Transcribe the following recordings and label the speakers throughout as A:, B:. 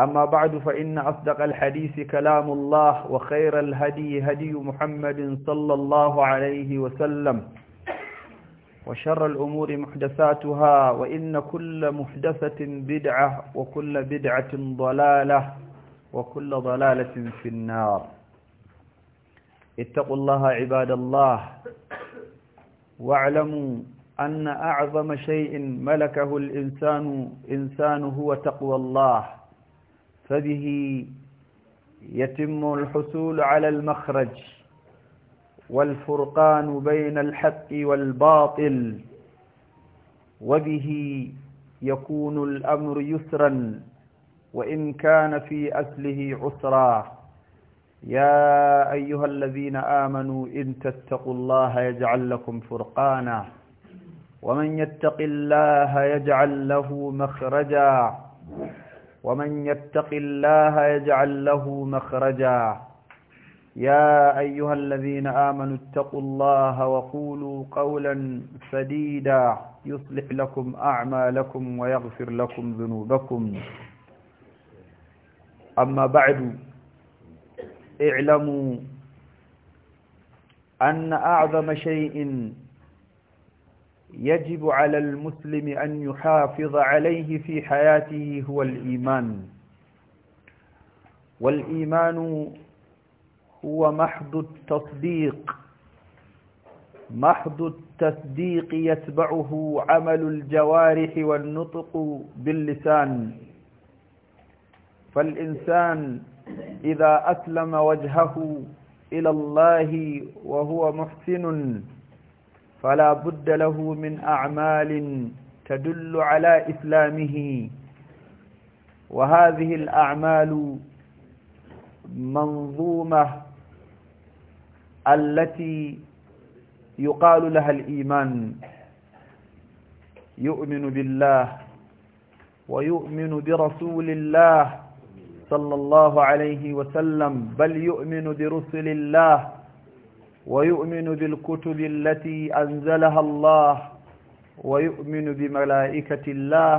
A: أما بعد فإن أصدق الحديث كلام الله وخير الهدي هدي محمد صلى الله عليه وسلم وشر الأمور محدثاتها وإن كل محدثة بدعة وكل بدعة ضلالة وكل ضلالة في النار اتقوا الله عباد الله واعلموا أن أعظم شيء ملكه الإنسان إنسان هو تقوى الله فبه يتم الحصول على المخرج والفرقان بين الحق والباطل وبه يكون الأمر يسرا وإن كان في أسله عسرا يا أيها الذين آمنوا إن تتقوا الله يجعل لكم فرقانا ومن يتق الله يجعل له مخرجا ومن يتق الله يجعل له مخرجا يا أيها الذين آمنوا اتقوا الله وقولوا قولا سديدا يصلح لكم أعمالكم ويغفر لكم ذنوبكم أما بعد اعلموا أن أعظم شيء يجب على المسلم أن يحافظ عليه في حياته هو الإيمان والإيمان هو محض التصديق محض التصديق يتبعه عمل الجوارح والنطق باللسان فالإنسان إذا أسلم وجهه إلى الله وهو محسن فلا بد له من أعمال تدل على إسلامه وهذه الأعمال منظومة التي يقال لها الإيمان يؤمن بالله ويؤمن برسول الله صلى الله عليه وسلم بل يؤمن برسل الله ويؤمن بالكتب التي أنزلها الله ويؤمن بملائكة الله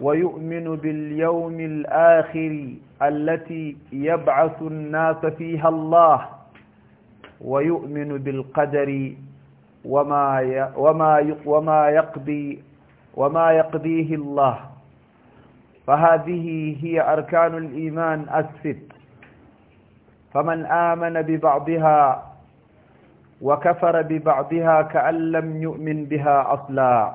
A: ويؤمن باليوم الآخر التي يبعث الناس فيها الله ويؤمن بالقدر وما وما وما يقضي وما يقضيه الله فهذه هي أركان الإيمان الست فمن آمن ببعضها وكفر ببعضها كأن لم يؤمن بها أصلا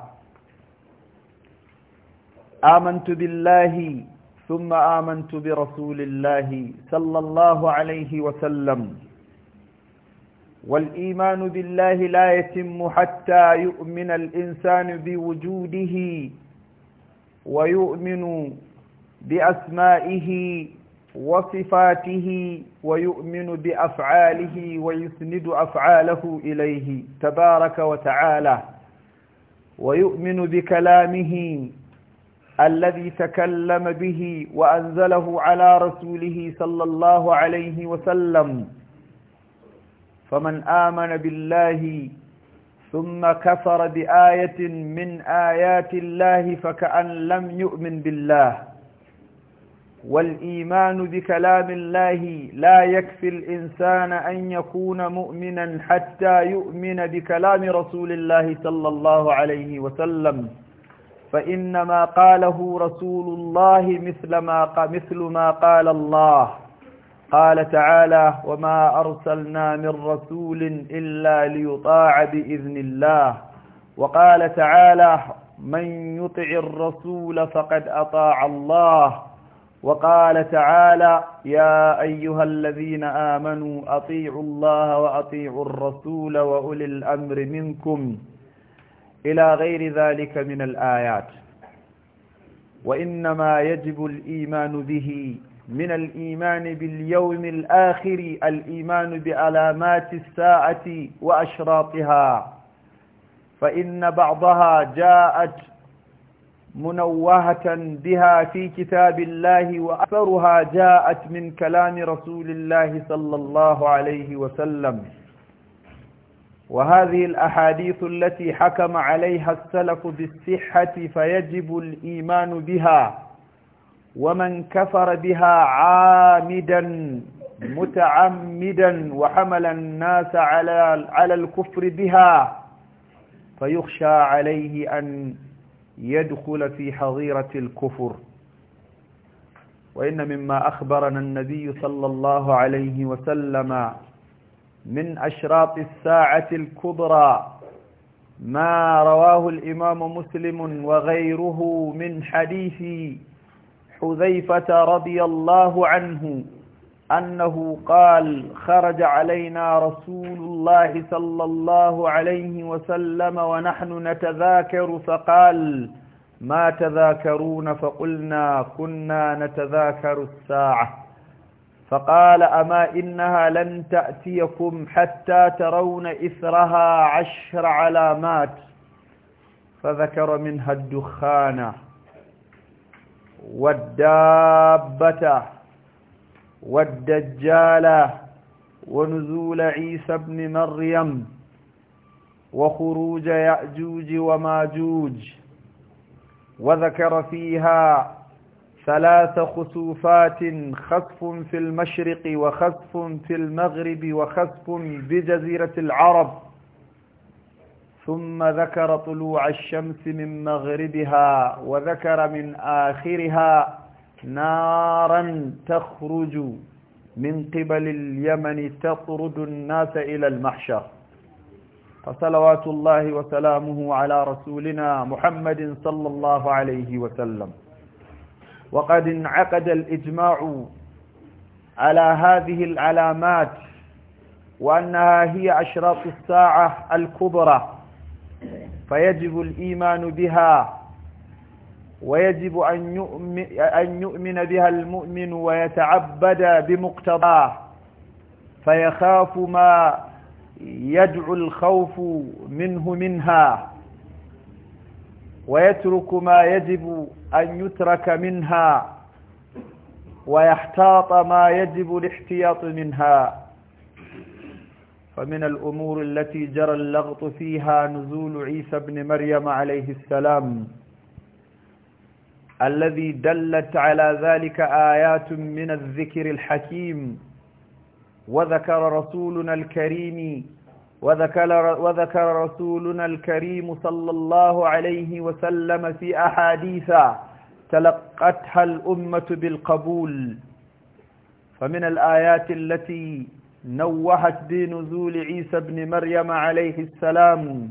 A: آمنت بالله ثم آمنت برسول الله صلى الله عليه وسلم والإيمان بالله لا يتم حتى يؤمن الإنسان بوجوده ويؤمن بأسمائه وصفاته ويؤمن بأفعاله ويسند أفعاله إليه تبارك وتعالى ويؤمن بكلامه الذي تكلم به وأنزله على رسوله صلى الله عليه وسلم فمن آمن بالله ثم كفر بآية من آيات الله فكأن لم يؤمن بالله والإيمان بكلام الله لا يكفي الإنسان أن يكون مؤمنا حتى يؤمن بكلام رسول الله صلى الله عليه وسلم فإنما قاله رسول الله مثل ما, مثل ما قال الله قال تعالى وما أرسلنا من رسول إلا ليطاع بإذن الله وقال تعالى من يطع الرسول فقد أطاع الله وقال تعالى يا أيها الذين آمنوا أطيعوا الله وأطيعوا الرسول وأولي الأمر منكم إلى غير ذلك من الآيات وإنما يجب الإيمان به من الإيمان باليوم الآخر الإيمان بعلامات الساعة وأشراطها فإن بعضها جاءت منوهة بها في كتاب الله وأثرها جاءت من كلام رسول الله صلى الله عليه وسلم وهذه الأحاديث التي حكم عليها السلف بالصحة فيجب الإيمان بها ومن كفر بها عامدا متعمدا وحمل الناس على على الكفر بها فيخشى عليه أن يدخل في حظيرة الكفر وإن مما أخبرنا النبي صلى الله عليه وسلم من أشراط الساعة الكبرى ما رواه الإمام مسلم وغيره من حديث حذيفة رضي الله عنه أنه قال خرج علينا رسول الله صلى الله عليه وسلم ونحن نتذاكر فقال ما تذاكرون فقلنا كنا نتذاكر الساعة فقال أما إنها لن تأتيكم حتى ترون إثرها عشر علامات فذكر منها الدخان والدابة والدجال ونزول عيسى بن مريم وخروج يأجوج وماجوج وذكر فيها ثلاث خسوفات خسف في المشرق وخسف في المغرب وخسف بجزيرة العرب ثم ذكر طلوع الشمس من مغربها وذكر من آخرها نارا تخرج من قبل اليمن تطرد الناس إلى المحشر فصلوات الله وسلامه على رسولنا محمد صلى الله عليه وسلم وقد انعقد الإجماع على هذه العلامات وأنها هي أشراط الساعة الكبرى فيجب الإيمان بها ويجب أن يؤمن, أن يؤمن بها المؤمن ويتعبد بمقتضاه فيخاف ما يدعو الخوف منه منها ويترك ما يجب أن يترك منها ويحتاط ما يجب الاحتياط منها فمن الأمور التي جرى اللغط فيها نزول عيسى بن مريم عليه السلام الذي دلت على ذلك آيات من الذكر الحكيم وذكر رسولنا الكريم وذكر, وذكر رسولنا الكريم صلى الله عليه وسلم في أحاديث تلقتها الأمة بالقبول فمن الآيات التي نوهت بنزول عيسى بن مريم عليه السلام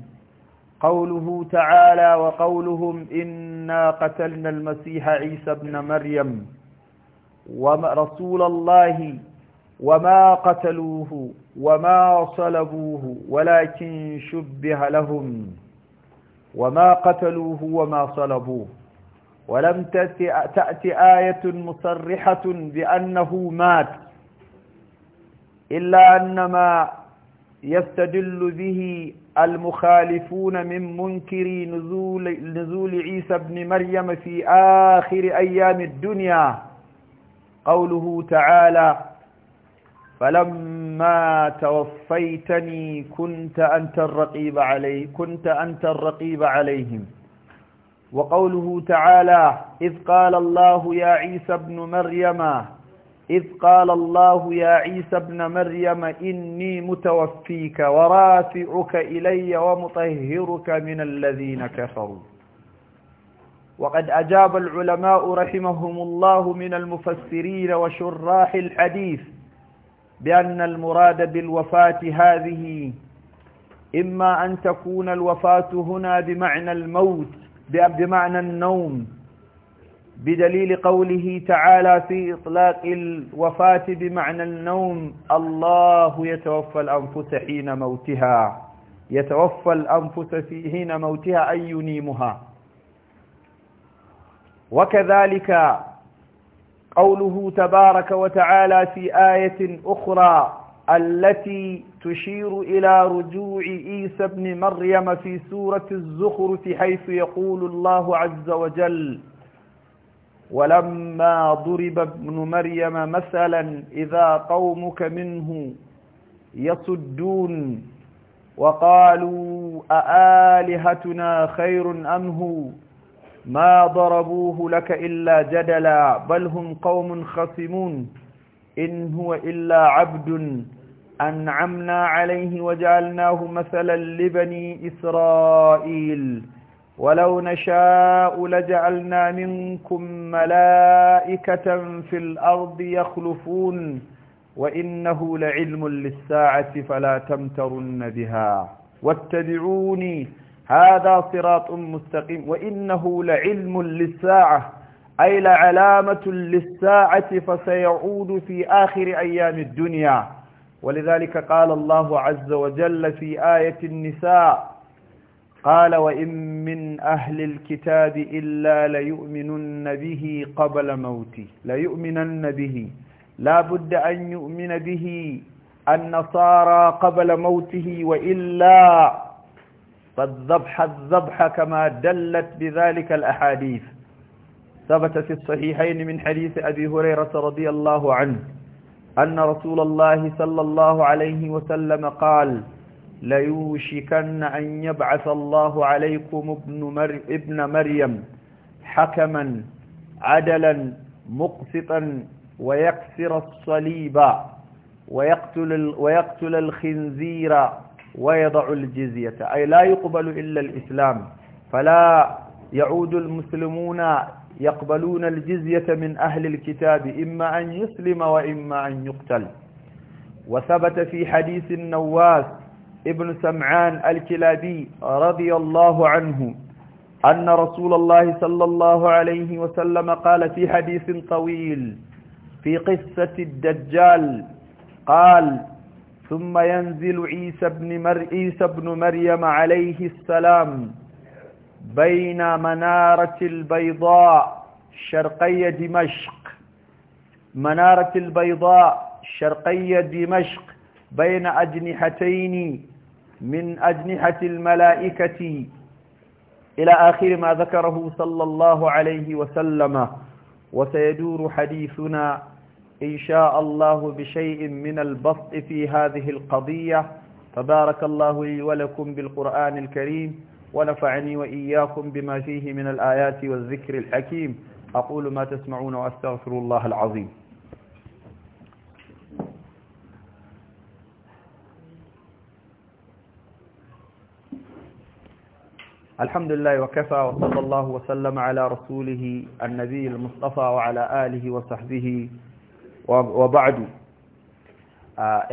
A: قوله تعالى وقولهم إنا قتلنا المسيح عيسى ابن مريم ورسول الله وما قتلوه وما صلبوه ولكن شبه لهم وما قتلوه وما صلبوه ولم تأتي آية مصرحة بأنه مات إلا أنما يستدل به المخالفون من منكر نزول, نزول عيسى بن مريم في آخر أيام الدنيا قوله تعالى فلما توفيتني كنت أنت الرقيب عليه كنت أنت الرقيب عليهم وقوله تعالى إذ قال الله يا عيسى ابن مريم إذ قال الله يا عيسى ابن مريم إني متوفيك ورافعك إلي ومطهرك من الذين كفروا وقد أجاب العلماء رحمهم الله من المفسرين وشراح الحديث بأن المراد بالوفاة هذه إما أن تكون الوفاة هنا بمعنى الموت بمعنى النوم بدليل قوله تعالى في إطلاق الوفاة بمعنى النوم الله يتوفى الأنفس حين موتها يتوفى الأنفس حين موتها أي ينيمها وكذلك قوله تبارك وتعالى في آية أخرى التي تشير إلى رجوع عيسى ابن مريم في سورة الزخرف حيث يقول الله عز وجل ولما ضرب ابن مريم مثلا إذا قومك منه يصدون وقالوا أآلهتنا خير أم هو ما ضربوه لك إلا جدلا بل هم قوم خصمون إن هو إلا عبد أنعمنا عليه وجعلناه مثلا لبني إسرائيل ولو نشاء لجعلنا منكم ملائكة في الأرض يخلفون وإنه لعلم للساعة فلا تمترن بها واتبعوني هذا صراط مستقيم وإنه لعلم للساعة أي لعلامة للساعة فسيعود في آخر أيام الدنيا ولذلك قال الله عز وجل في آية النساء قال وإن من أهل الكتاب إلا ليؤمنن به قبل موته ليؤمنن به لا بد أن يؤمن به النصارى قبل موته وإلا فالذبح الذبح كما دلت بذلك الأحاديث ثبت في الصحيحين من حديث أبي هريرة رضي الله عنه أن رسول الله صلى الله عليه وسلم قال ليوشكن أن يبعث الله عليكم ابن, مر... ابن مريم حكما عدلا مقسطا ويكسر الصليب ويقتل, ال... ويقتل الخنزير ويضع الجزية أي لا يقبل إلا الإسلام فلا يعود المسلمون يقبلون الجزية من أهل الكتاب إما أن يسلم وإما أن يقتل وثبت في حديث النواس ابن سمعان الكلابي رضي الله عنه أن رسول الله صلى الله عليه وسلم قال في حديث طويل في قصة الدجال قال ثم ينزل عيسى بن, مر عيسى بن مريم عليه السلام بين منارة البيضاء شرقي دمشق منارة البيضاء شرقي دمشق بين أجنحتين من أجنحة الملائكة إلى آخر ما ذكره صلى الله عليه وسلم وسيدور حديثنا إن شاء الله بشيء من البسط في هذه القضية تبارك الله لي ولكم بالقرآن الكريم ونفعني وإياكم بما فيه من الآيات والذكر الحكيم أقول ما تسمعون وأستغفر الله العظيم الحمد لله وكفى وصلى الله وسلم على رسوله النبي المصطفى وعلى آله وصحبه وبعد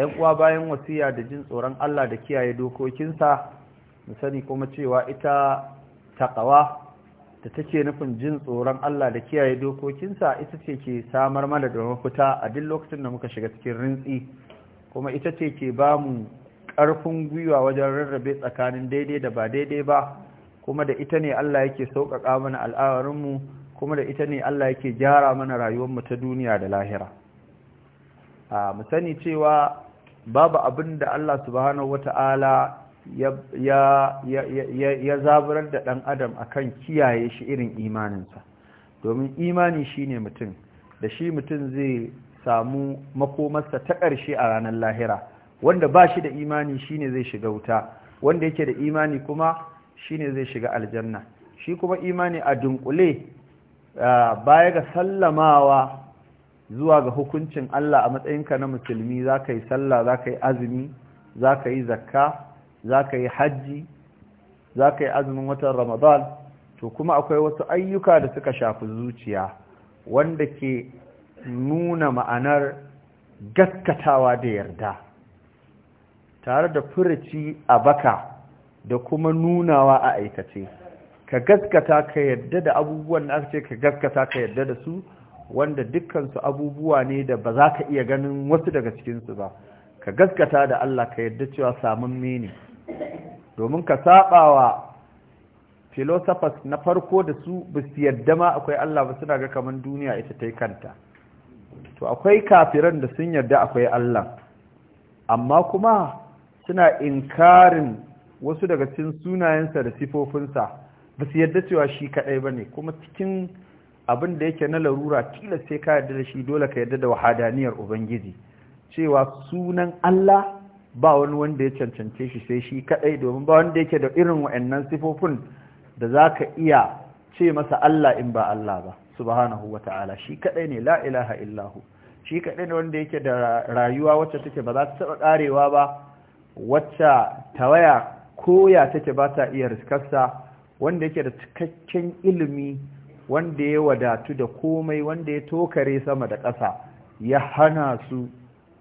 A: ‘yan uwa bayan wasiya da jin tsoron Allah da kiyaye dokokinsa mu sani kuma cewa ita taƙawa da take nufin jin tsoron Allah da kiyaye dokokinsa ita ce ke samar mana da mafita a duk lokacin da muka shiga cikin rintsi kuma ita ce ke ba mu ƙarfin gwiwa wajen rarrabe tsakanin daidai da ba daidai ba kuma da ita ne Allah yake sauƙaƙa mana al'awarinmu kuma da ita ne Allah yake gyara mana rayuwarmu ta duniya da lahira mu sani cewa babu abin da Allah subhanahu wata'ala ya zaburar da ɗan adam akan kiyaye shi irin imaninsa domin imani shi ne mutum da shi mutum zai samu makomarsa ta ƙarshe a ranar lahira wanda ba shi da imani shi ne zai shiga wuta wanda yake da imani kuma Shi ne zai shiga aljanna shi kuma imani a dunkule baya ga sallamawa zuwa ga hukuncin Allah a matsayinka na musulmi za ka yi sallah za ka yi azumi za ka yi zakka za ka yi hajji za ka yi azumin watan ramadan to kuma akwai wasu ayyuka da suka shafi zuciya wanda ke nuna ma'anar gaskatawa da yarda tare da furuci a baka da kuma nunawa a aikace ka gaskata ka yadda da abubuwan da aka ce ka gaskata ka yadda da su wanda dukkansu abubuwa ne da ba za ka iya ganin wasu daga cikinsu ba ka gaskata da Allah ka yadda cewa samun mene domin ka sabawa philosophers na farko da su ba su yadda ma akwai Allah ba suna ga kaman duniya ita ta kanta to akwai kafiran da sun yadda akwai Allah amma kuma suna inkarin wasu daga cikin sunayensa da sifofinsa ba su yadda cewa shi kaɗai ba ne kuma cikin abin da yake na larura tilas sai ka yadda da shi dole ka yadda da wahadaniyar ubangiji cewa sunan Allah ba wani wanda ya cancance shi sai shi kaɗai domin ba wanda yake da irin wa'annan sifofin da za ka iya ce masa Allah in ba Allah ba subhanahu wa ta'ala shi kaɗai ne la ilaha illahu shi kaɗai ne wanda yake da rayuwa wacce take ba za ta taɓa ƙarewa ba wacce tawaya koya take ba ta iya riskarsa wanda yake da cikakken ilimi wanda ya wadatu da komai wanda ya tokare sama da ƙasa ya hana su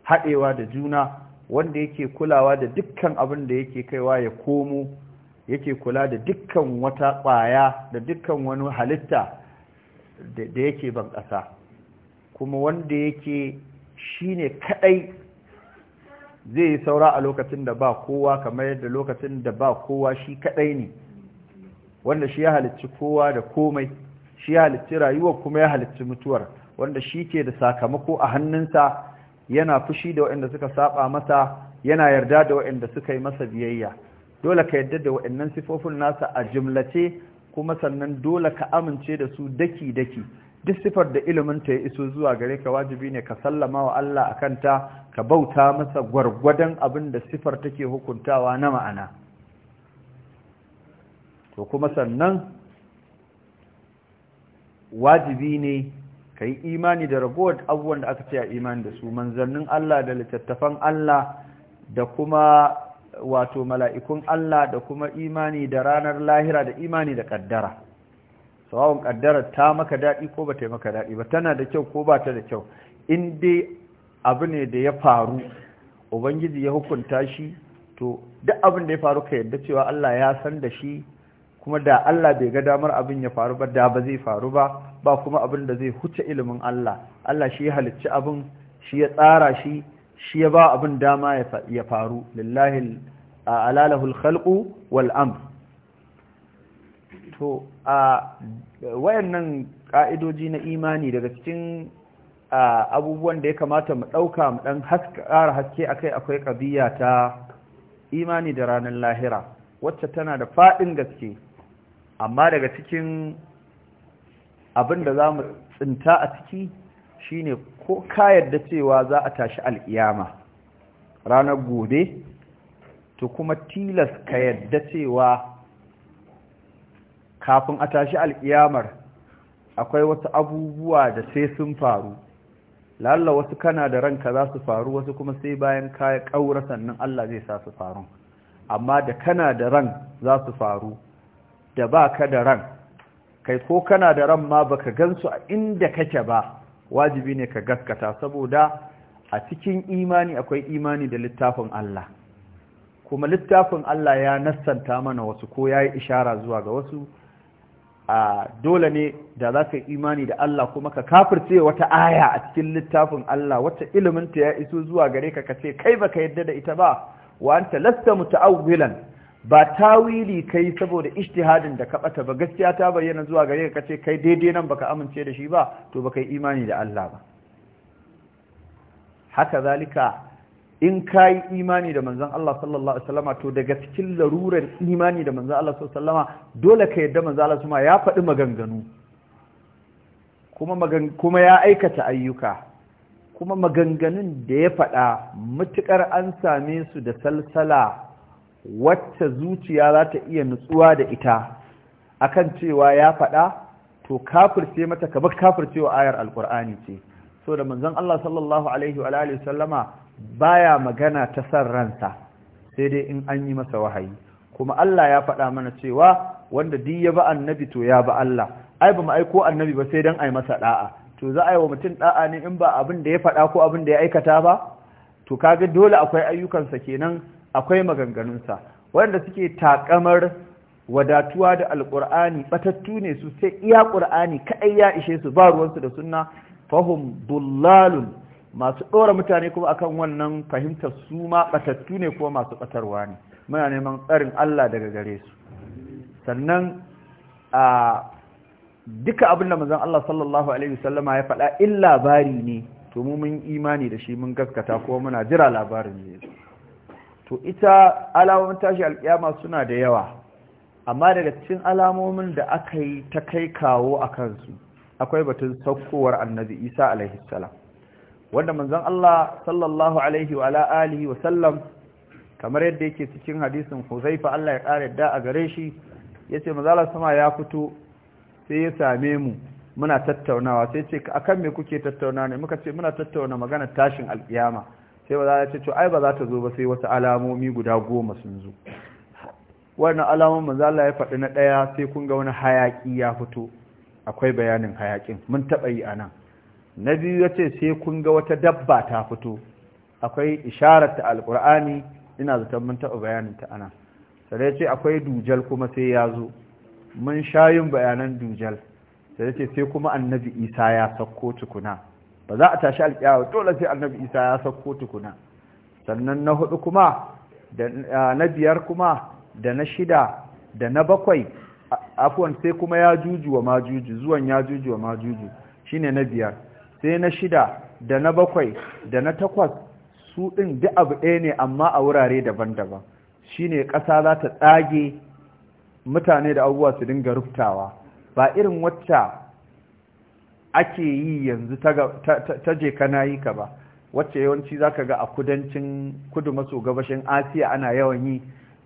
A: haɗewa da juna wanda yake kulawa da dukkan abin da yake kaiwa ya komo yake kula da dukkan wata ƙwaya da dukkan wani halitta da yake ban ƙasa kuma wanda yake shi ne kaɗai zai yi saura a lokacin da ba kowa kamar yadda lokacin da ba kowa shi kadai ne wanda shi ya halicci kowa da komai shi ya halicci rayuwar kuma ya halicci mutuwar wanda shi ke da sakamako a hannunsa yana fushi da waɗanda suka saba masa yana yarda da waɗanda suka yi masa biyayya dole ka yarda da waɗannan sifofin nasa a jimlace, kuma sannan dole ka amince da su daki-daki duk sifar da iliminta ya iso zuwa gare ka wajibi ne ka sallama wa Allah a kanta ka bauta masa gwargwadon abin da sifar take hukuntawa na ma'ana to kuma sannan wajibi ne ka yi imani da ragowar abubuwan da aka ce a imani da su manzannin Allah da littattafan Allah da kuma wato mala'ikun Allah da kuma imani da ranar lahira da imani da ƙaddara. sawawan kaddara ta maka daɗi ko ba ta yi maka daɗi ba tana da kyau ko ba ta da kyau in dai abu ne da ya faru ubangiji ya hukunta shi to duk abin da ya faru ka yadda cewa Allah ya san da shi kuma da Allah bai ga damar abin ya faru ba da ba zai faru ba ba kuma abin da zai huce ilimin Allah Allah shi ya halicci abin shi ya tsara shi shi ya ba abin dama ya faru lillahi alalahul khalqu wal amr to a wayannan ka'idoji na imani daga cikin abubuwan da ya kamata mu ɗauka mu ɗan ƙara haske a kai akwai ƙabiya ta imani da ranar lahira wacce tana da faɗin gaske amma daga cikin abin da za mu tsinta a ciki shine ko ka yadda cewa za a tashi al'iyama ranar gobe to kuma tilas ka yadda cewa kafin a tashi alkiyamar akwai wasu abubuwa da sai sun faru lalla wasu kana da ranka za su faru wasu kuma sai bayan ka ƙaura sannan Allah zai sa su faru amma da kana da ran za su faru da ba ka da ran kai ko kana da ran ma ba ka gansu a inda kake ba wajibi ne ka gaskata saboda a cikin imani akwai imani da littafin Allah kuma littafin Allah ya nassanta mana wasu ko ya yi ishara zuwa ga wasu a dole ne da za ka imani da Allah kuma ka kafirce wata aya a cikin littafin Allah wata iliminta ya iso zuwa gare ka kace kai baka yadda da ita ba wa anta lasta muta'awwilan ba tawili kai saboda ijtihadin da ka bata ba gaskiya ta bayyana zuwa gare ka kace kai daidai nan baka amince da shi ba to baka yi imani da Allah ba haka zalika in ka yi imani da manzan Allah sallallahu Alaihi wasallama to daga cikin larurar imani da manzan Allah sallallahu Alaihi wasallama dole ka yadda manzan Allah suma ya faɗi maganganu kuma ya aikata ayyuka kuma maganganun da ya faɗa matuƙar an same su da salsala wacce zuciya za ta iya nutsuwa da ita akan cewa ya faɗa to kafirce mata kamar kafircewa ayar alkur'ani ce so da manzon Allah sallallahu alaihi wa alihi sallama baya magana ta san ransa sai dai in an yi masa wahayi kuma Allah ya faɗa mana cewa wanda duk ya ba annabi to ya ba Allah ai ba mu aiko annabi ba sai dan ai masa da'a to za a yi wa mutum da'a ne in ba abin da ya faɗa ko abin da ya aikata ba to kaga dole akwai ayyukansa kenan akwai maganganunsa wanda suke takamar wadatuwa da alƙur'ani batattu ne su sai iya ƙur'ani kaɗai ya ishe su ba ruwansu da sunna fahum dullalun masu ɗora mutane kuma akan wannan fahimtar su ma ɓatattu ne kuma masu ɓatarwa ne muna neman tsarin Allah daga gare su sannan a duka abin da mazan Allah sallallahu alaihi wasallama ya faɗa in labari ne to mu mun imani da shi mun gaskata kuma muna jira labarin ne to ita alamomin tashi alƙiyama suna da yawa amma daga cikin alamomin da aka yi ta kai kawo a kansu akwai batun saukowar annabi isa alaihi salam wanda manzon Allah sallallahu alaihi wa ala alihi wa sallam kamar yadda yake cikin hadisin Huzaifa Allah ya kare da a gare shi yace manzala sama ya fito sai ya same mu muna tattaunawa sai ce akan me kuke tattaunawa ne muka ce muna tattauna magana tashin alkiyama sai ba za ta ce to ai ba za ta zo ba sai wasu alamomi guda goma sun zo wannan alamomin manzo Allah ya faɗi na ɗaya sai kun ga wani hayaki ya fito akwai bayanin hayakin mun taɓa yi anan na biyu ya ce sai kun ga wata dabba ta fito akwai isharar ta alƙur'ani ina zaton mun taɓa bayanin ta ana sai ya ce akwai dujal kuma sai ya zo mun shayin bayanan dujal sai ya ce sai kuma annabi isa ya sauko tukuna ba za a tashi alƙiyawa dole sai annabi isa ya sauko tukuna sannan na hudu kuma da na biyar kuma da na shida da na bakwai afuwan sai kuma ya juju wa majuju zuwan ya juju wa majuju shine na biyar sai na shida da na bakwai da na takwas su ɗin duk abu ɗaya ne amma a wurare daban-daban shine ƙasa za ta tsage mutane da abubuwa su dinga ruftawa ba irin wacce ake yi yanzu ta je kana yi ka ba wacce yawanci za ka ga a kudancin kudu maso gabashin asiya ana yawan yi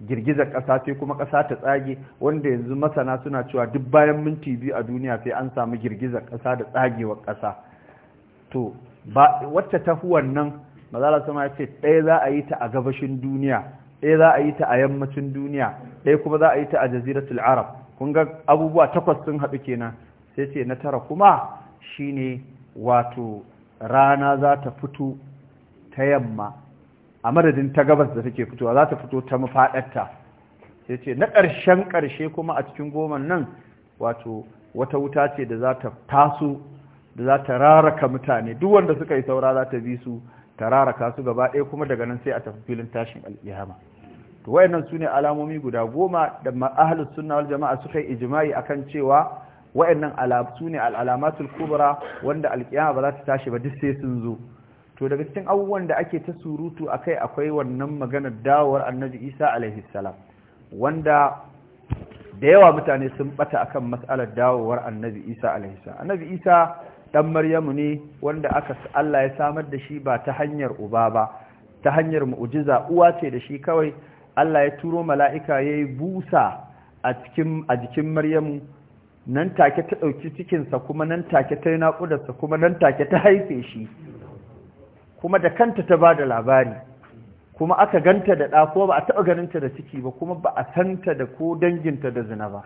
A: girgizar ƙasa sai kuma ƙasa ta tsage wanda yanzu masana suna cewa duk bayan minti biyu a duniya sai an samu girgizar ƙasa da tsagewar ƙasa to wacce tahuwan nan mazala sama ya ce ɗaya za a yi ta a gabashin duniya ɗaya za a yi ta a yammacin duniya ɗaya kuma za a yi ta a jaziratul arab kun ga abubuwa takwas sun haɗu kenan sai ce na tara kuma shine wato rana za ta fito ta yamma a madadin ta gabas da take fitowa za ta fito ta mafaɗarta sai ce na ƙarshen ƙarshe kuma a cikin goman nan wato wata wuta ce da za ta taso da za ta raraka mutane duk wanda suka yi saura za ta bi su ta raraka su gaba ɗaya kuma daga nan sai a tafi filin tashin alƙiyama to wayannan sune alamomi guda goma da ahlus sunna wal jama'a suka yi ijma'i akan cewa wayannan sune ne al'alamatul kubra wanda alƙiyama ba za ta tashi ba duk sai sun zo to daga cikin abubuwan da ake ta surutu akai akwai wannan maganar dawowar annabi isa alaihi salam wanda da yawa mutane sun bata akan mas'alar dawowar annabi isa alaihi salam annabi isa ɗan maryamu ne wanda aka Allah ya samar da shi ba ta hanyar uba ba ta hanyar Mu'ujiza. uwa ce da shi kawai Allah ya turo mala'ika ya yi busa a jikin maryamu nan take ta ɗauki cikinsa kuma nan take ta yi naƙudarsa kuma nan take ta haife shi kuma da kanta ta ba da labari kuma aka ganta da ɗa ba a taɓa ta da ciki ba kuma ba a santa da ko danginta da zina ba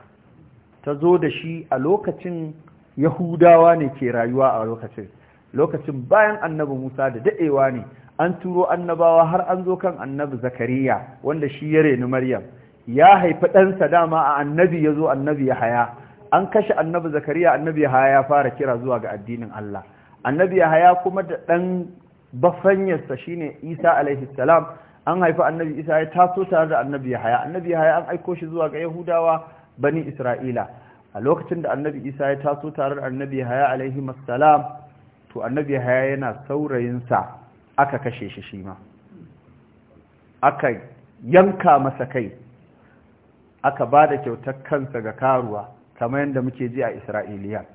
A: ta zo da shi a lokacin yahudawa ne ke rayuwa a lokacin lokacin bayan annabi musa da daɗewa ne an turo annabawa har an zo kan annabi zakariya wanda shi ya reni maryam ya haifi ɗansa dama a annabi ya zo annabi ya haya an kashe annabi zakariya annabi ya haya ya fara kira zuwa ga addinin allah annabi ya haya kuma da ɗan bafanyarsa shine isa alaihi salam an haifi annabi isa ya taso tare da annabi ya haya annabi ya haya an aiko shi zuwa ga yahudawa bani isra'ila a lokacin da annabi isa ya taso tare da annabi haya alaihi masalam to annabi haya yana saurayinsa aka kashe shi shi ma aka yanka masa kai aka ba da kyautar kansa ga karuwa kamar yadda muke ji a isra'iliya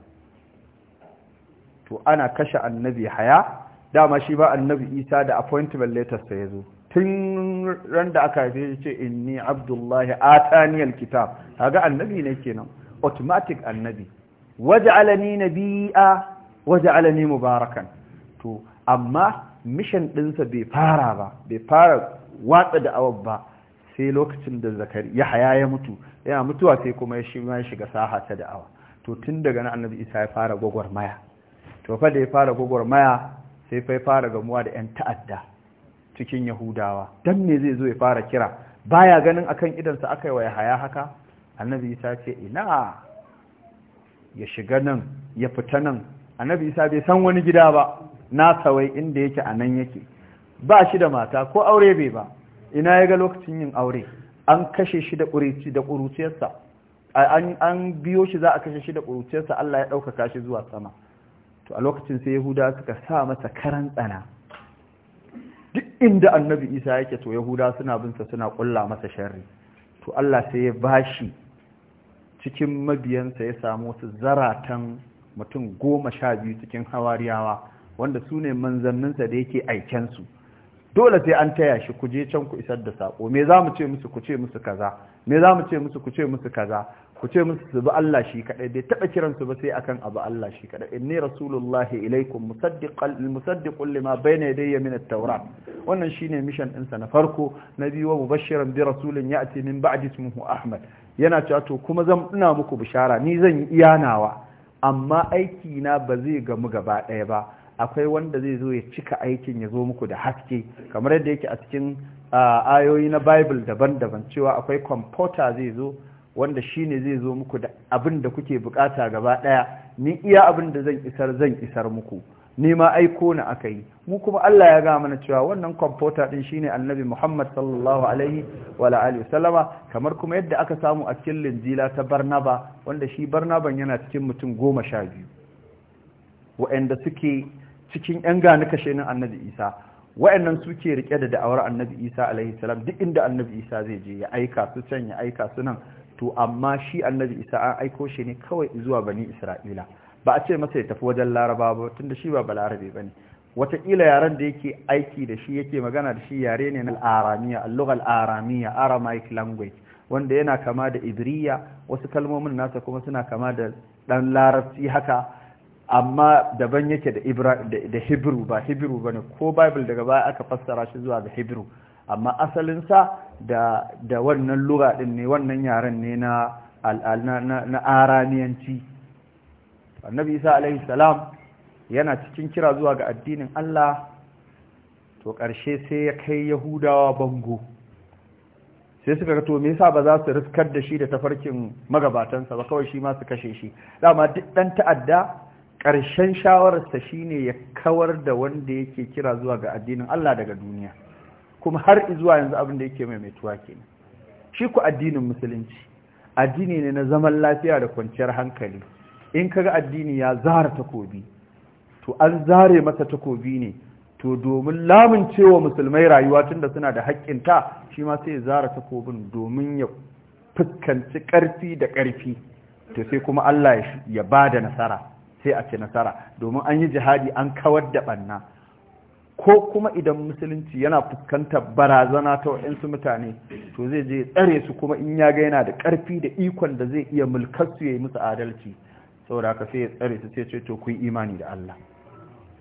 A: to ana kashe annabi haya dama shi ba annabi isa da appointment letter sa ya zo tun randa aka haife ce inni abdullahi ataniyal kitab kaga annabi ne kenan automatic annabi waj'alani nabiyya waj'alani mubarakan to amma mission ɗinsa bai fara ba bai fara watsa da da'awar ba sai lokacin da zakari ya haya ya mutu yana mutuwa sai kuma ya shiga shiga saha ta da'awa to tun daga nan annabi isa ya fara gwagwarmaya to fa da ya fara gwagwarmaya sai fa ya fara gamuwa da 'yan ta'adda cikin yahudawa Dan me zai zo ya fara kira baya ganin akan idansa aka yi wa yahaya haka annabi isa ce ina ya shiga nan ya fita nan annabi isa bai san wani gida ba na sawai inda yake a nan yake ba shi da mata ko aure bai ba ina ya ga lokacin yin aure an kashe shi da ƙuruciyarsa an biyo shi za a kashe shi da ƙuruciyarsa Allah ya ɗaukaka shi zuwa sama to a lokacin sai yahuda suka sa masa karan tsana duk inda annabi isa yake to yahuda suna binsa suna ƙulla masa sharri to Allah sai ya bashi cikin mabiyansa ya samu wasu zaratan mutum goma sha biyu cikin hawariyawa wanda su ne manzanninsa da yake aikensu dole sai an taya shi ku je can ku isar da saƙo me za mu ce musu ku ce musu kaza me za mu ce musu ku ce musu kaza ku ce musu su bi Allah shi kaɗai bai taɓa kiransu ba sai akan abu Allah shi kaɗai inni rasulullahi ilaikum musaddiqun lima bayna yadayya min at taura wannan shine mission ɗinsa na farko na biyu wa mubashiran bi rasulin ya'ti min ba'di ismihi ahmad yana cewa to kuma zan ina muku bishara ni zan yi iyanawa amma aiki na ba zai gamu gaba ɗaya ba akwai wanda zai zo ya cika aikin ya zo muku da haske kamar yadda yake a cikin ayoyi na bible daban-daban cewa akwai kwamfuta zai zo wanda shine zai zo muku da abin da kuke bukata gaba ɗaya ni iya abin da zan isar zan isar muku nima aiko na aka yi mu kuma Allah ya ga mana cewa wannan kwamfuta din shine annabi Muhammad sallallahu alaihi wa alihi wasallama kamar kuma yadda aka samu a cikin linjila ta Barnaba wanda shi Barnaban yana cikin mutum goma sha biyu wa'anda suke cikin yan gani kashe nan annabi Isa wa'annan suke rike da da'awar annabi Isa alaihi salam duk inda annabi Isa zai je ya aika su can ya aika su nan to amma shi annabi Isa an aiko shi ne kawai zuwa bani Isra'ila ba a ce masa ya tafi wajen laraba ba tunda shi ba balarabe ba ne watakila yaren da yake aiki da shi yake magana da shi yare ne na al'aramiya allugar aramiya aramaic language wanda yana kama da ibriya wasu kalmomin nasa kuma suna kama da ɗan larabci haka amma daban yake da ibra da hebrew ba hebrew bane ko bible daga baya aka fassara shi zuwa da hebrew amma asalin sa da da wannan lura din ne wannan yaren ne na na aramiyanci annabi isa alaihi salam yana cikin kira zuwa ga addinin Allah to ƙarshe sai ya kai yahudawa bango sai suka ga to me yasa ba za su riskar da shi da tafarkin magabatansa ba kawai shi ma su kashe shi dama duk dan ta'adda ƙarshen shawararsa shine ya kawar da wanda yake kira zuwa ga addinin Allah daga duniya kuma har zuwa yanzu abin da yake maimaituwa kenan shi ku addinin musulunci addini ne na zaman lafiya da kwanciyar hankali in kaga addini ya zara takobi to an zare masa takobi ne to domin lamun cewa musulmai rayuwa tunda suna da haƙƙin ta shi ma sai zara takobin domin ya fuskanci ƙarfi da ƙarfi to sai kuma Allah ya ba da nasara sai a ci nasara domin an yi jihadi an kawar da ɓanna ko kuma idan musulunci yana fuskantar barazana ta waɗansu mutane to zai je tsare su kuma in ya ga yana da ƙarfi da ikon da zai iya mulkarsu ya yi musu adalci saboda haka sai ya tsare su sai ce to ku imani da Allah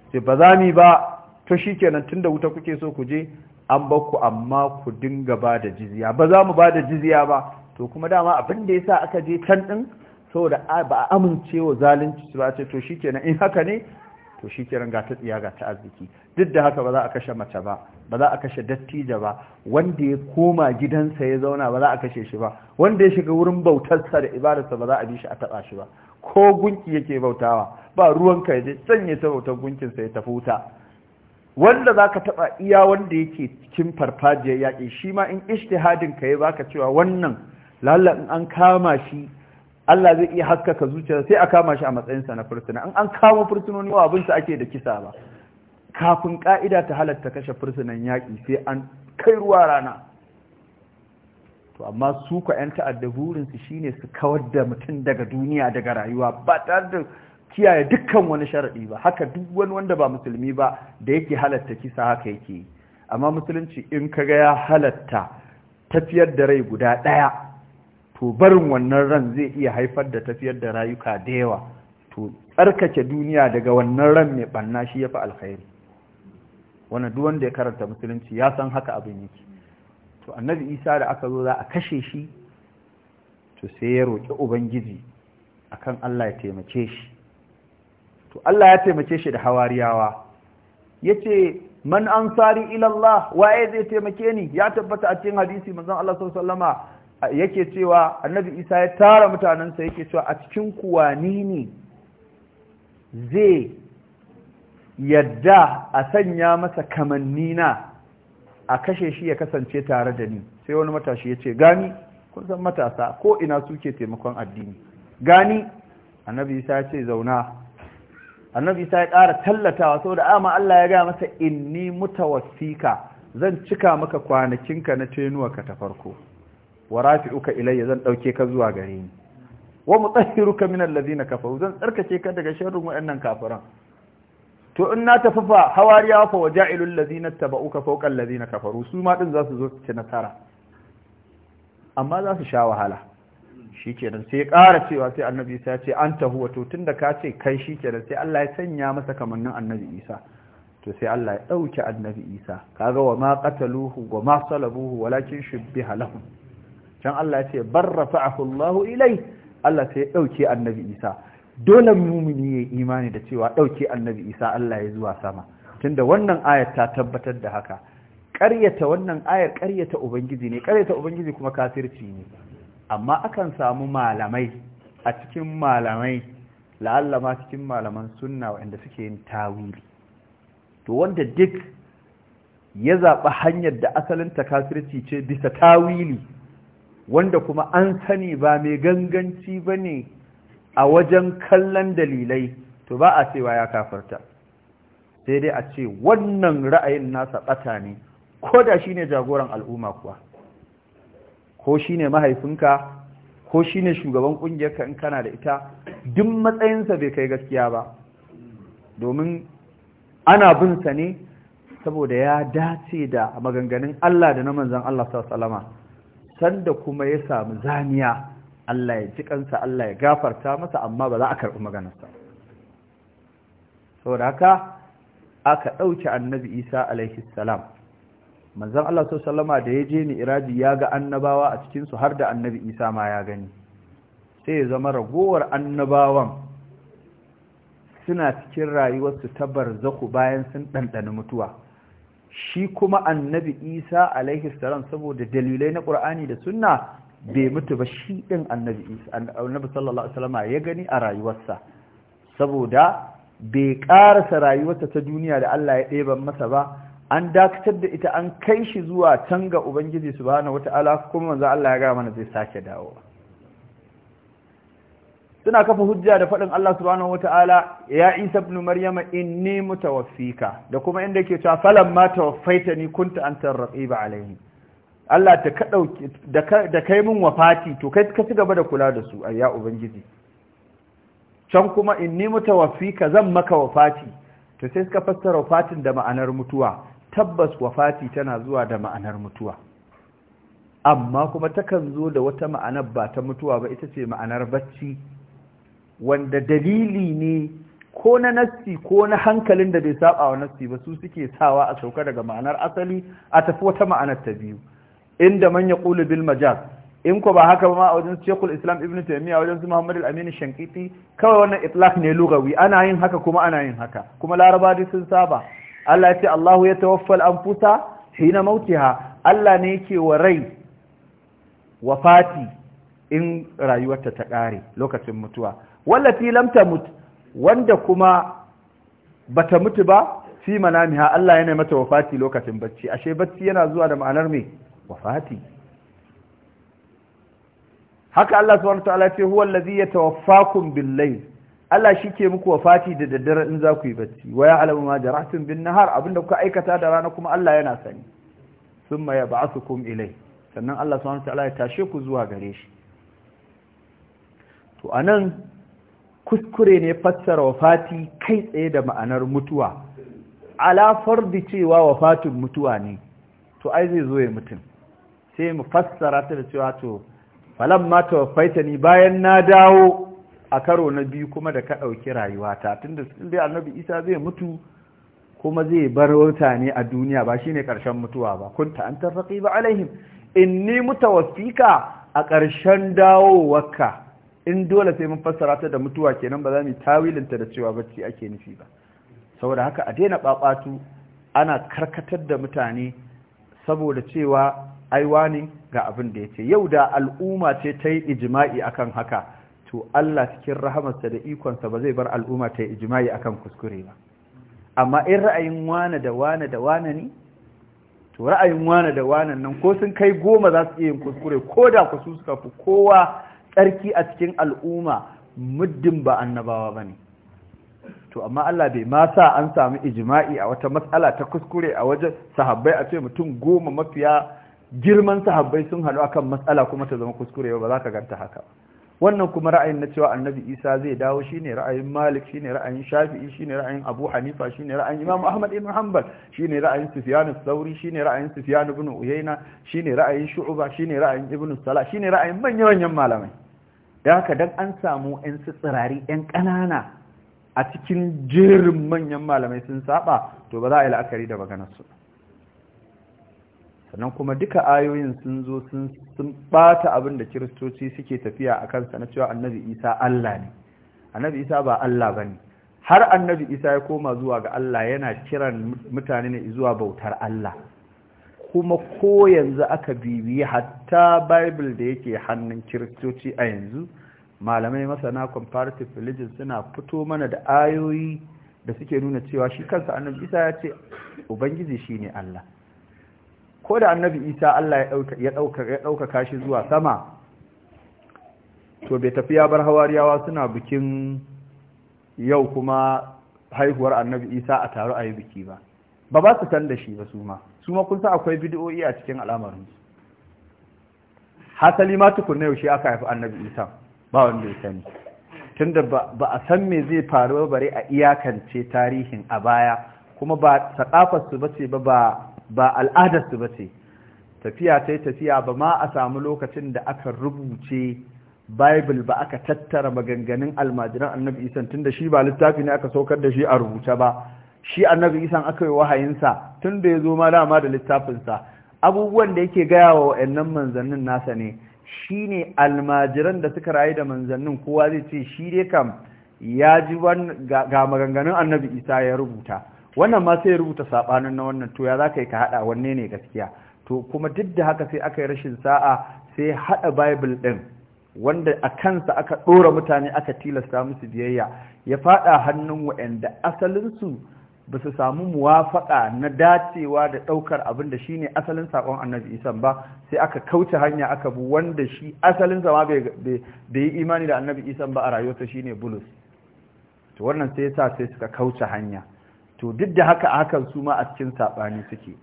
A: sai ba za mu ba to shikenan tunda wuta kuke so ku je an ba ku amma ku dinga ba da jizya ba za mu ba da jizya ba to kuma dama abin da yasa aka je can din saboda ba a amince wa zalunci ba ce to shikenan in haka ne to shikenan ga ta tsiya ga ta arziki duk da haka ba za a kashe mace ba ba za a kashe dattija ba wanda ya koma gidansa ya zauna ba za a kashe shi ba wanda ya shiga wurin bautarsa da ibadarsa ba za a bi shi a taɓa shi ba ko gunki yake bautawa ba ruwanka ya je sanye ya bautar gunkinsa ya tafi wuta wanda za ka taɓa iya wanda yake cikin farfajiyar yaƙi shi ma in ishtihadin ka ya baka cewa wannan lalla in an kama shi Allah zai iya haskaka zuciya sai a kama shi a matsayinsa na fursuna in an kama fursunoni wa abinsa ake da kisa ba kafin ka'ida ta halatta kashe fursunan yaƙi sai an kai ruwa rana to amma su ku 'yan ta'adda burinsu ne su kawar da mutum daga duniya daga rayuwa ba tare da kiyaye dukkan wani sharaɗi ba haka duk wani wanda ba musulmi ba da yake halatta kisa haka yake yi amma musulunci in ka ga ya halatta tafiyar da rai guda ɗaya to barin wannan ran zai iya haifar da tafiyar da rayuka da yawa to tsarkake duniya daga wannan ran mai ɓanna shi ya fi alkhairi wani duk wanda ya karanta musulunci ya san haka abin yake to annabi isa da aka zo za a kashe shi to sai ya roƙi ubangiji akan Allah ya taimake shi to Allah ya taimake shi da hawariyawa yace man ansari ila Allah waye zai taimake ni ya tabbata a cikin hadisi manzon Allah sallallahu alaihi yake cewa annabi isa ya tara mutanensa yake cewa a cikin kuwani ne zai yadda a sanya masa kamannina a kashe shi ya kasance tare da ni sai wani matashi ya ce gani kun san matasa ko ina suke taimakon addini gani annabi isa ya ce zauna annabi isa ya ƙara tallatawa saboda ama Allah ya gaya masa inni mutawassika zan cika maka kwanakinka na ka ta farko wa rafi'uka ilayya zan dauke ka zuwa gare ni wa mutahhiruka min alladhina kafaru zan tsarkake ka daga sharrin waɗannan kafiran to in na tafi fa hawariya fa waja'ilul ladina tabauka fawqal ladina kafaru su ma din za su zo su ci nasara amma za su sha wahala shikenan sai ƙara cewa sai annabi Isa ya ce anta huwa to tunda ka ce kai shikenan sai Allah ya sanya masa kamannin annabi Isa to sai Allah ya dauke annabi Isa kaga wa ma qataluhu wa ma salabuhu walakin shubbiha lahum can Allah ya ce barrafa'ahu Allah ilai Allah sai ya dauke annabi Isa dole mumini ya imani da cewa ɗauke annabi isa Allah ya zuwa sama tunda wannan ayar ta tabbatar da haka ƙaryata wannan ayar ƙaryata ubangiji ne ƙaryata ubangiji kuma kafirci ne amma akan samu malamai a cikin malamai la'allama cikin malaman sunna waɗanda suke yin tawili to wanda duk ya zaɓi hanyar da asalin ta kafirci ce bisa tawili wanda kuma an sani ba mai ganganci ba ne a wajen kallon dalilai to ba a cewa ya kafarta sai dai a ce wannan ra'ayin nasa ɓata ne ko da shi ne jagoran al'umma kuwa ko shi ne mahaifinka ko shi ne shugaban ƙungiyarka in kana da ita duk matsayinsa bai kai gaskiya ba domin ana bin sa ne saboda ya dace da maganganun Allah da na manzan Allah sallama sanda kuma ya samu zaniya Allah ya ji kansa Allah ya gafarta masa amma ba za a karɓi maganarsa saboda haka aka ɗauki annabi isa alaihi salam manzan Allah sau salama da ya je ni iraji ya ga annabawa a cikinsu har da annabi isa ma ya gani sai ya zama ragowar annabawan suna cikin rayuwarsu ta barzaku bayan sun ɗanɗana mutuwa shi kuma annabi isa alaihi salam saboda dalilai na ƙur'ani da sunna bai mutu ba shi ɗin annabi sallallahu alaihi ya gani a rayuwarsa saboda bai ƙarasa rayuwarsa ta duniya da Allah ya ɗeban masa ba an dakatar da ita an kai shi zuwa can ga ubangiji subhanahu wata'ala kuma manzo Allah ya ga mana zai sake dawo suna kafa hujja da faɗin Allah subhanahu wata'ala ya Isa ibn Maryama inni mutawaffika da kuma inda yake cewa falamma tawaffaitani kunta antar raqiba alayhi Allah Ta ka ɗauki da kai min wafati to kai ka ci gaba da kula da su ayya ubangiji can kuma in ni wafi ka zan maka wafati to sai suka fassara fatin da ma'anar mutuwa tabbas wafati tana zuwa da ma'anar mutuwa amma kuma takan zo da wata ma'anar ba ta mutuwa ba ita ce ma'anar bacci wanda dalili ne ko na nassi ko na hankalin da bai saba wa nassi ba su suke sawa a sauka daga ma'anar asali a tafi wata ma'anar ta biyu inda man yaqulu bil majaz in ko ba haka ba ma a wajen Sheikhul Islam Ibn Taymiyyah wajen su Muhammadu al-Amin Shankiti kawai wannan itlaq ne lugawi ana yin haka kuma ana yin haka kuma Laraba dai sun saba Allah ya ce Allahu yatawaffa al-anfusa hina mautiha Allah ne yake wa rai wafati in rayuwarta ta kare lokacin mutuwa wallati lam tamut wanda kuma bata mutu ba fi manamiha Allah yana mata wafati lokacin bacci ashe bacci yana zuwa da ma'anar me wafati haka Allah subhanahu wataala ce huwa allazi yatawaffakum bil layl Allah shike muku wafati da daddare in za ku yi bacci wa ya'lamu ma jarahtum bin nahar abinda kuka aikata da rana kuma Allah yana sani thumma yab'athukum ilay sannan Allah subhanahu wataala ya tashe ku zuwa gare shi to anan kuskure ne fassara wafati kai tsaye da ma'anar mutuwa ala fardi cewa wafatun mutuwa ne to ai zai zo ya mutum sai mu fassara ta da cewa to ma ta falan faita ni bayan na dawo a karo na biyu kuma da ka ɗauki rayuwata tunda dai annabi isa zai mutu kuma zai bar mutane a duniya ba shine ƙarshen mutuwa ba kunta an tarraqi ba alaihim inni mutawaffika a ƙarshen dawowarka in dole sai mun fassara ta da mutuwa kenan ba za mu tawilin ta da cewa bacci ake nufi ba saboda haka a daina ɓaɓatu ana karkatar da mutane saboda cewa Aiwa wani ga abin da ce. yau da al'umma ce ta yi ijma'i akan haka to Allah cikin rahamarsa da ikonsa ba zai bar al'umma ta yi ijma'i akan kuskure ba amma in ra'ayin wane da wane da wane ne to ra'ayin wane da wane nan ko sun kai goma za su iya yin kuskure ko da ku su suka fi kowa tsarki a cikin al'umma muddin ba annabawa ba ne to amma Allah bai ma sa an samu ijma'i a wata matsala ta kuskure a wajen sahabbai a ce mutum goma mafiya girman sahabbai sun haɗu akan matsala kuma ta zama kuskure ba za ka ganta haka wannan kuma ra'ayin na cewa annabi isa zai dawo shine ra'ayin malik shine ra'ayin shafi'i shine ra'ayin abu hanifa shine ra'ayin imam ahmad ibn hanbal shine ra'ayin sufiyanu sauri sauri shine ra'ayin sufiyanu ibn uyayna shine ra'ayin shi shine ra'ayin ibn salah shine ra'ayin manyan manyan malamai da haka dan an samu ɗan tsirari yan ƙanana a cikin jerin manyan malamai sun saba to ba za a yi la'akari da maganarsu. su sannan kuma duka ayoyin sun zo sun bata abin da kiristoci suke tafiya a kansa na cewa annabi isa allah ne annabi isa ba allah ba ne har annabi isa ya koma zuwa ga allah yana kiran mutane ne zuwa bautar allah kuma ko yanzu aka bibiyi hatta bible da yake hannun kiristoci a yanzu malamai masana comparative religion suna fito mana da ayoyi da suke nuna cewa shi kansa annabi isa ya ce ubangiji shine allah ko da annabi isa Allah ya ɗaukaka shi zuwa sama to bai tafi ya bar hawariyawa suna bikin yau kuma haihuwar annabi isa a taru a yi biki ba ba ba su san da shi ba su ma su ma kun sa akwai bidiyoyi a cikin al'amarinsu hasali ma na yaushe aka haifi annabi isa ba wanda ya sani tunda ba a san me zai faru bare a iyakance tarihin a baya kuma ba sakafarsu ba ce ba ba ba al'adarsu ba ce tafiya ta tafiya ba ma a samu lokacin da aka rubuce bible ba aka tattara maganganun almajiran annabi isan tun da shi ba littafi ne aka saukar da shi a rubuta ba shi annabi isan aka yi wahayinsa tun da ya zo ma dama da littafinsa abubuwan da yake gaya wa wa'annan manzannin nasa ne shi ne almajiran da suka rayu da manzannin kowa zai ce shi dai kam ya ji ga maganganun annabi isa ya rubuta wannan ma sai ya rubuta sabanin na wannan to ya za ka yi ka haɗa wanne ne gaskiya to kuma duk da haka sai aka yi rashin sa'a sai haɗa bible ɗin wanda a kansa aka ɗora mutane aka tilasta musu biyayya ya faɗa hannun waɗanda asalinsu ba su samu muwafaƙa na dacewa da ɗaukar abin da shi ne asalin saƙon annabi isan ba sai aka kauce hanya aka bu wanda shi asalinsa ma bai yi imani da annabi isan ba a rayuwarsa shi ne bulus to wannan sai sa sai suka kauce hanya to duk da haka hakan su ma a cikin saɓani suke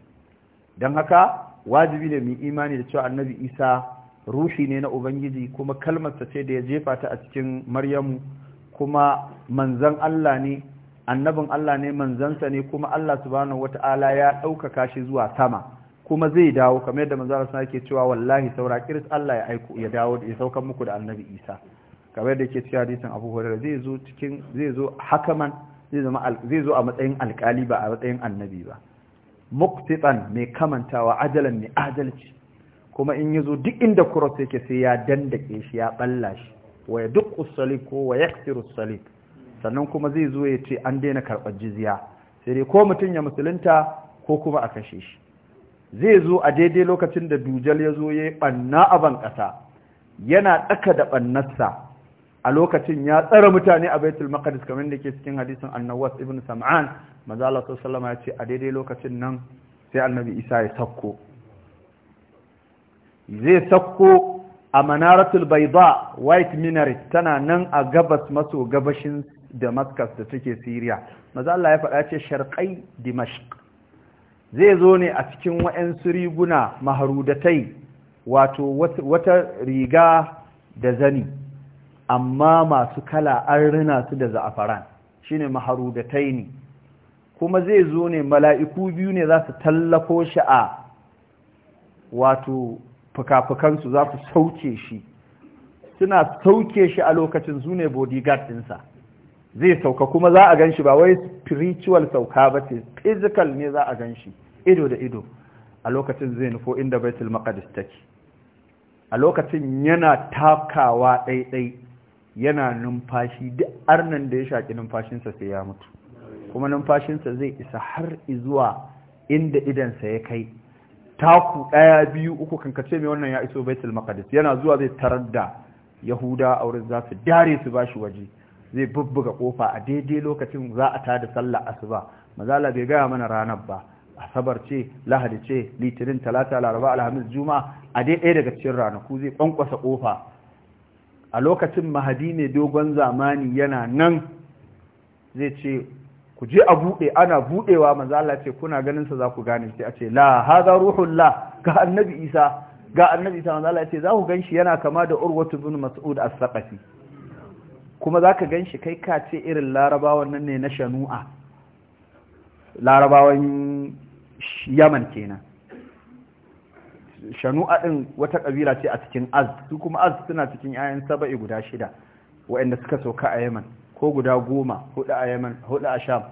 A: don haka wajibi ne mai imani da cewa annabi isa ruhi ne na ubangiji kuma kalmarsa ce da ya jefa ta a cikin maryamu kuma manzan allah ne annabin allah ne manzansa ne kuma allah subhanahu wata'ala ya ɗaukaka shi zuwa sama kuma zai dawo kamar yadda Manzara suna ke cewa wallahi saura kiris Allah ya aiko ya dawo ya saukar muku da annabi isa kamar yadda yake cewa hadisin abu hurairah zai zo cikin zai zo hakaman zai zo a matsayin alkali ba a matsayin annabi ba muqtitan mai kamantawa ajalan mai adalci kuma in yazo duk inda kuros yake sai ya dandake shi ya balla shi waya duk usalik ko wa yaktiru salib sannan kuma zai zo ya ce an daina karɓar jizya sai dai ko mutum ya musulunta ko kuma a kashe shi zai zo a daidai lokacin da dujal ya zo ya yi ɓanna a ban ƙasa yana ɗaka da ɓannarsa a lokacin ya tsara mutane a baitul maqdis kamar da ke cikin hadisin annawas ibn sam'an manzo Allah sallallahu alaihi ya ce a daidai lokacin nan sai annabi Isa ya sakko zai sakko a manaratul bayda white minaret tana nan a gabas maso gabashin damascus da take syria manzo Allah ya faɗa ce sharqai dimashq zai zo ne a cikin wa'en riguna maharudatai wato wata riga da zani amma masu kala an rina su da za'afaran shine maharudataini kuma zai zo ne mala'iku biyu ne za su tallafo shi a wato fukafukansu za su sauke shi suna sauke shi a lokacin su ne bodyguard ɗinsa zai sauka kuma za a gan shi ba wai spiritual sauka ba ce physical ne za a gan shi ido da ido a lokacin zai nufo inda baitul maqdis take a lokacin yana takawa ɗaiɗai yana numfashi duk arnan da ya shaƙi numfashinsa sai ya mutu kuma numfashinsa zai isa har zuwa inda idansa ya kai taku ɗaya biyu uku kankace mai wannan ya iso baitul maqdis yana zuwa zai tarar da yahuda a wurin za su dare su ba shi waje zai bubbuga kofa a daidai lokacin za a tada sallah asuba mazala bai gaya mana ranar ba asabar ce lahadi ce litinin talata laraba alhamis juma'a a daidai daga cikin ranaku zai kwankwasa kofa a lokacin mahadi ne dogon zamani yana nan zai ce ku je a buɗe ana buɗewa manzala ce kuna ganinsa za ku gane shi a ce la haza ruhullah ga annabi isa ga annabi isa manzala ce za ku gan shi yana kama da urwatu bin mas'ud as-saqafi kuma za ka gan shi kai ka ce irin larabawan nan ne na shanu'a larabawan yaman kenan shanu'a din wata kabila ce a cikin az su kuma az suna cikin 'ya'yan saba'i guda shida waɗanda suka sauka a yaman ko guda goma hudu a yaman hudu a sham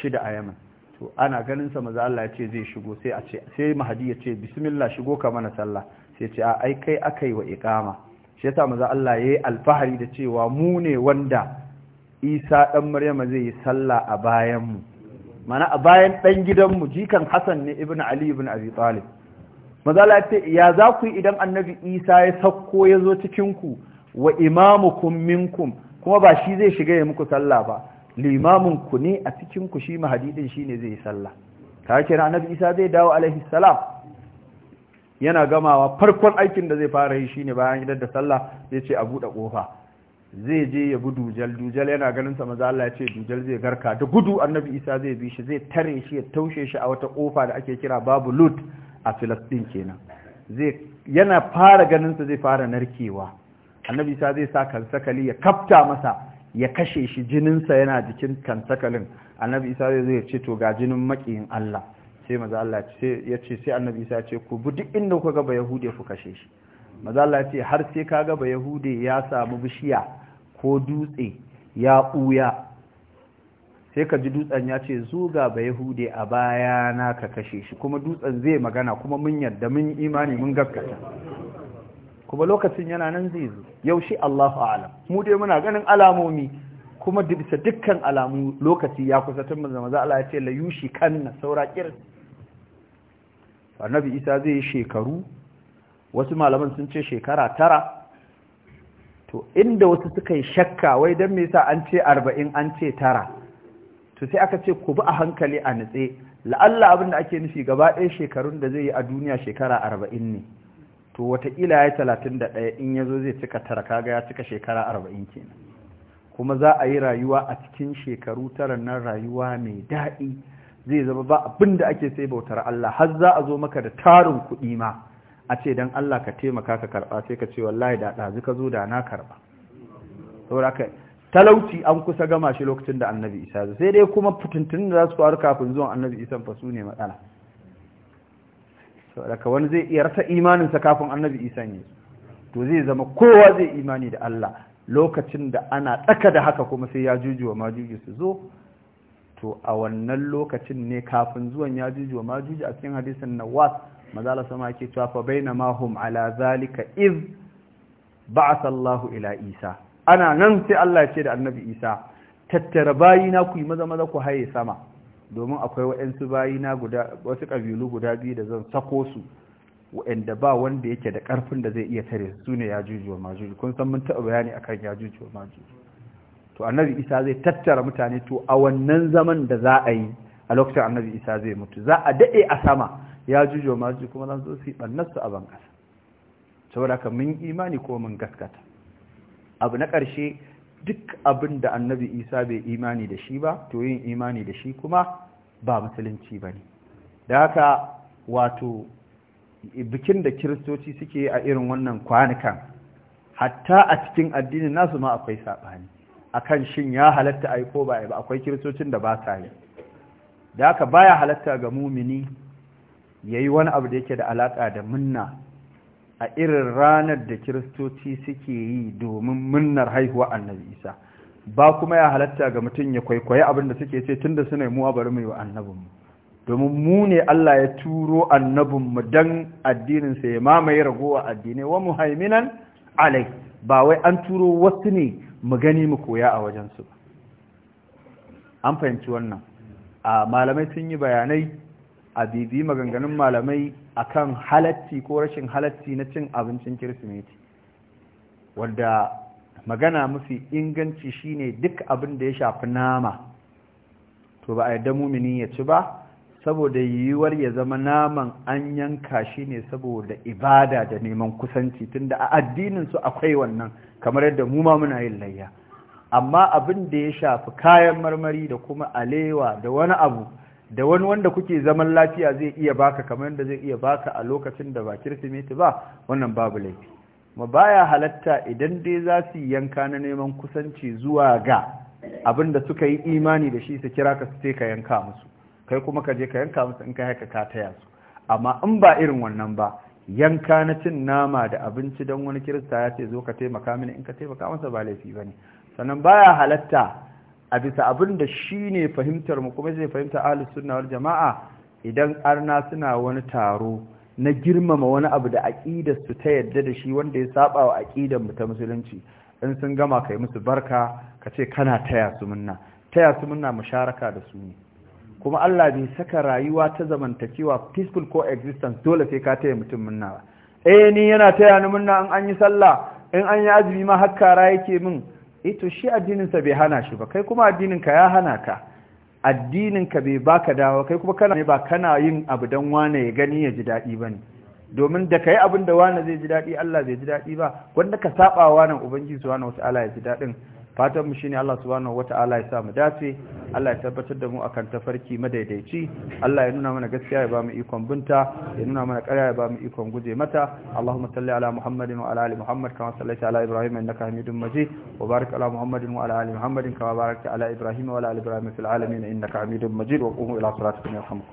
A: shida a yaman to ana ganin sa maza Allah ya ce zai shigo sai a ce sai mahadi ya ce bismillah shigo ka mana sallah sai ce a ai kai akai wa iqama shi yasa maza Allah yayi alfahari da cewa mu ne wanda Isa dan Maryama zai yi sallah a bayan mu mana a bayan dan gidan mu jikan Hassan ne ibnu Ali ibnu Abi Talib mazala ce ya za ku yi idan annabi isa ya sauko ya zo cikinku wa imamukum minkum kuma ba shi zai shiga ya muku sallah ba limamin ku ne a cikinku shi mahadidin shi ne zai yi sallah ta kira annabi isa zai dawo alaihi salam yana gamawa farkon aikin da zai fara yi ne bayan idan da sallah zai ce a buɗe ƙofa zai je ya bi dujal dujal yana ganin sa maza Allah ya ce dujal zai garka da gudu annabi isa zai bi shi zai tare shi ya taushe shi a wata ƙofa da ake kira babu lut a filistin kenan zai yana fara ganinsa zai fara narkewa annabi sa zai sa kansakali ya kafta masa ya kashe shi jininsa yana jikin kansakalin annabi isa zai ce to ga jinin makiyin Allah sai maza Allah ya ce sai annabi isa ce ku bi duk inda kuka gaba yahudiya ku kashe shi maza Allah ce har sai ka gaba yahudiya ya samu bishiya ko dutse ya ɓuya sai ka ji dutsen ya ce zuga ba yahude a baya na ka kashe shi kuma dutsen zai magana kuma mun yarda mun imani mun gaskata kuma lokacin yana nan zai zo yaushe Allahu a'lam mu dai muna ganin alamomi kuma bisa dukkan alamu lokaci ya kusa tun manzo maza Allah ya ce la yushi kanna saura kir annabi Isa zai yi shekaru wasu malaman sun ce shekara tara to inda wasu suka yi shakka wai dan me yasa an ce arba'in an ce tara to sai aka ce ku bi a hankali a nutse la'alla abin da ake nufi gaba ɗaya shekarun da zai yi a duniya shekara arba'in ne to wataƙila ya yi talatin da ɗaya in ya zo zai cika tara kaga ya cika shekara arba'in kenan kuma za a yi rayuwa a cikin shekaru tara nan rayuwa mai daɗi zai zama ba abin da ake sai bautar Allah har za a zo maka da tarin kuɗi ma a ce don Allah ka taimaka ka karɓa sai ka ce wallahi da ɗazu ka zo da na karɓa talauci an kusa gama shi lokacin da annabi isa sai dai kuma fitintun da za su faru kafin zuwan annabi isa fa su ne matsala daga wani zai iya rasa imaninsa kafin annabi isa ne to zai zama kowa zai imani da Allah lokacin da ana tsaka da haka kuma sai ya jujuwa majuji su zo to a wannan lokacin ne kafin zuwan ya jujuwa majuji a cikin hadisin nawas mazala sama ke cewa fa hum ala zalika iz ba'atha sallahu ila isa ana nan sai Allah ya ce da annabi isa tattara bayina ku yi maza maza ku haye sama domin akwai waɗansu bayina guda wasu ƙabilu guda biyu da zan sako su waɗanda ba wanda yake da ƙarfin da zai iya tare su ne ya juju wa majuju kun san mun taɓa bayani akan ya juju wa majuju to annabi isa zai tattara mutane to a wannan zaman da za a yi a lokacin annabi isa zai mutu za a daɗe a sama ya juju wa majuju kuma zan zo su yi ɓannarsu a ban ƙasa saboda haka mun imani ko mun gaskata abu na ƙarshe duk abin da annabi isa bai imani da shi ba to yin imani da shi kuma ba musulunci ba ne da haka wato bikin da kiristoci suke a irin wannan kwanukan hatta a cikin addinin nasu ma akwai saɓani A kan shin ya halatta a yi ko ba ba akwai kiristocin da ba sa yi da haka baya halatta ga mumini ya yi wani abu da yake da alaƙa da munna a irin ranar da kiristoci suke yi domin munnar haihuwa annabi isa ba kuma ya halatta ga mutum ya kwaikwayi abinda suke ce tunda suna yi muwa bari mu wa annabinmu domin mu ne Allah ya turo annabinmu don addininsa ya mamaye ragowa addinai wa muhaiminan alai ba wai an turo wasu ne mu gani mu koya a wajensu ba an fahimci wannan a malamai sun yi bayanai a bibi maganganun malamai akan halatti ko rashin halatti na cin abincin kirsimeti wadda magana mafi inganci shine duk abin da ya shafi nama to ba a yarda mumini ya ci ba saboda yiwuwar ya zama naman an yanka shi ne saboda ibada da neman kusanci tunda a addinin su akwai wannan kamar yadda mu ma muna yin layya amma abin da ya shafi kayan marmari da kuma alewa da wani abu da wani wanda kuke zaman lafiya zai iya baka kamar yadda zai iya baka a lokacin da ba kirsimeti ba wannan babu laifi ma baya halatta idan dai za su yanka na neman kusanci zuwa ga abin da suka yi imani da shi su kira ka su ka yanka musu kai kuma ka je ka yanka musu in ka haka ka taya su amma in ba irin wannan ba yanka na cin nama da abinci don wani kirista ya ce zo ka taimaka mini in ka taimaka masa ba laifi ba ne sannan baya halatta a bisa abin da shi ne fahimtar mu kuma zai fahimta ahlus sunna wal jama'a idan arna suna wani taro na girmama wani abu da aqidar su ta yadda da shi wanda ya saba wa aqidar ta musulunci in sun gama kai musu barka ka ce kana taya su munna taya su munna musharaka da su ne kuma Allah bai saka rayuwa ta zamantakewa peaceful coexistence dole sai ka taya mutum minna ba eh ni yana taya ni minna in an yi sallah in an yi azumi ma hakkara yake min ito eh, shi addininsa bai hana shi ba kai kuma addininka ya hana ka addininka bai baka dawo kai kuma kana ne ba kana yin abu dan wane ya gani ya ji daɗi ba ne domin da ka kai abin da wane zai ji daɗi Allah zai ji daɗi ba wanda ka saba wa nan ubangiji subhanahu ala ya ji daɗin fatanmu shi ne Allah subhanahu wata'ala ya sa mu dace Allah ya tabbatar da mu akan tafarki madaidaici Allah ya nuna mana gaskiya ya ba mu ikon binta ya nuna mana ƙarya ya ba mu ikon guje mata Allahumma salli ala Muhammadin wa ala ali Muhammad kama sallaita ala Ibrahim innaka Hamidum Majid wa barik ala Muhammadin wa ala ali Muhammadin kama barakta ala Ibrahim wa ala ali Ibrahim fil alamin innaka Hamidum Majid wa qumu ila salatikum yarhamukum